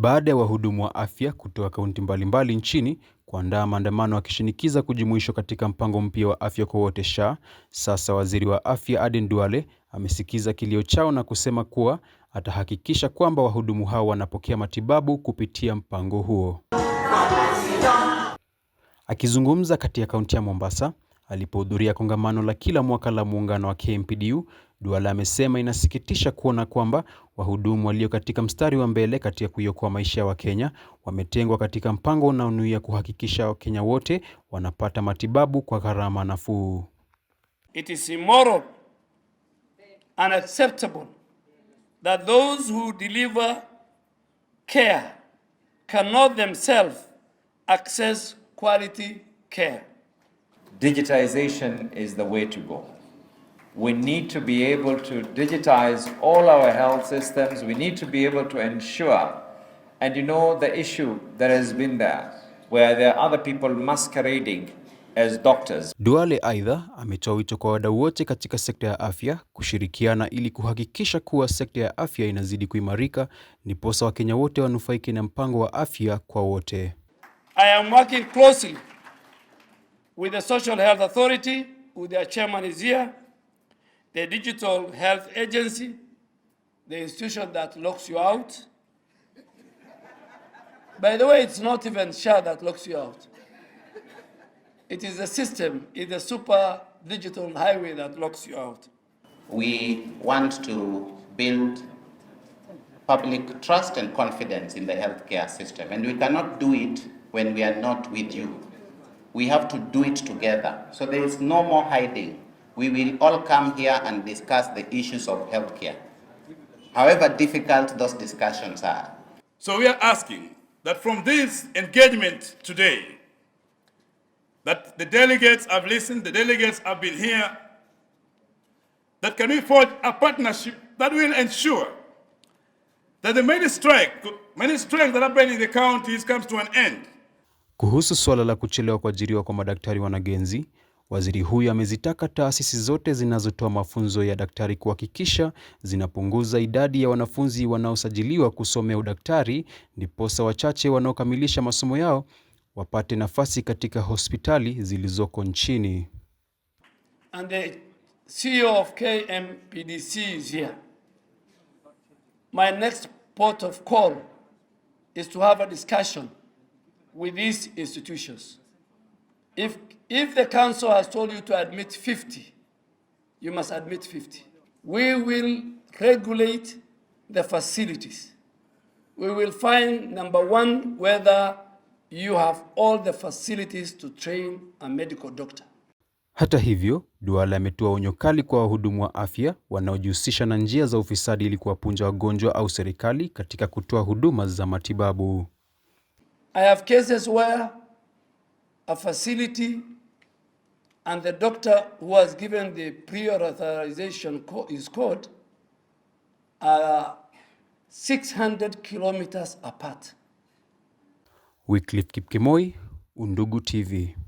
baada ya wahudumu wa afya kutoka kaunti mbalimbali nchini kuandaa maandamano akishinikiza kujumuishwa katika mpango mpya wa afya kwa wote SHA. Sasa waziri wa afya Aden Duale amesikiza kilio chao na kusema kuwa atahakikisha kwamba wahudumu hao wanapokea matibabu kupitia mpango huo. Akizungumza kati ya kaunti ya Mombasa alipohudhuria kongamano la kila mwaka la muungano wa KMPDU, Duale amesema inasikitisha kuona kwamba wahudumu walio katika mstari wa mbele katika kuiokoa maisha ya Wakenya wametengwa katika mpango unaonuia kuhakikisha Wakenya wote wanapata matibabu kwa gharama nafuu. It is immoral, unacceptable that those who deliver care cannot themselves access quality care. Digitization is the way to go. We need to be able to digitize all our health systems. We need to be able to ensure. And you know the issue that has been there where there are other people masquerading as doctors. Duale aidha ametoa wito kwa wadau wote katika sekta ya afya kushirikiana ili kuhakikisha kuwa sekta ya afya inazidi kuimarika ndiposa Wakenya wote wanufaike na mpango wa afya kwa wote. I am working closely with the Social Health Authority, with their chairman is here. the Digital Health Agency, the institution that locks you out. By the way, it's not even SHA that locks you out. It is a system, it's a super digital highway that locks you out. We want to build public trust and confidence in the healthcare system, and we cannot do it when we are not with you. We have to do it together. So there is no more hiding we will all come here and discuss the issues of healthcare. However difficult those discussions are. So we are asking that from this engagement today, that the delegates have listened, the delegates have been here, that can we forge a partnership that will ensure that the many strike, many strikes that happen in the counties comes to an end. Kuhusu suala la kuchelewa kuajiriwa kwa madaktari wanagenzi Waziri huyo amezitaka taasisi zote zinazotoa mafunzo ya daktari kuhakikisha zinapunguza idadi ya wanafunzi wanaosajiliwa kusomea udaktari ndiposa wachache wanaokamilisha masomo yao wapate nafasi katika hospitali zilizoko nchini. And the CEO of KMPDC is here. My next port of call is to have a discussion with these institutions. If, if the council has told you to admit 50, you must admit 50. We will regulate the facilities. We will find, number one, whether you have all the facilities to train a medical doctor. Hata hivyo, Duale ametoa onyo kali kwa wahudumu wa afya wanaojihusisha na njia za ufisadi ili kuwapunja wagonjwa au serikali katika kutoa huduma za matibabu. I have cases where a facility and the doctor who has given the prior authorization co is code are uh, 600 kilometers apart. Wycliffe Kipkemoi, Undugu TV.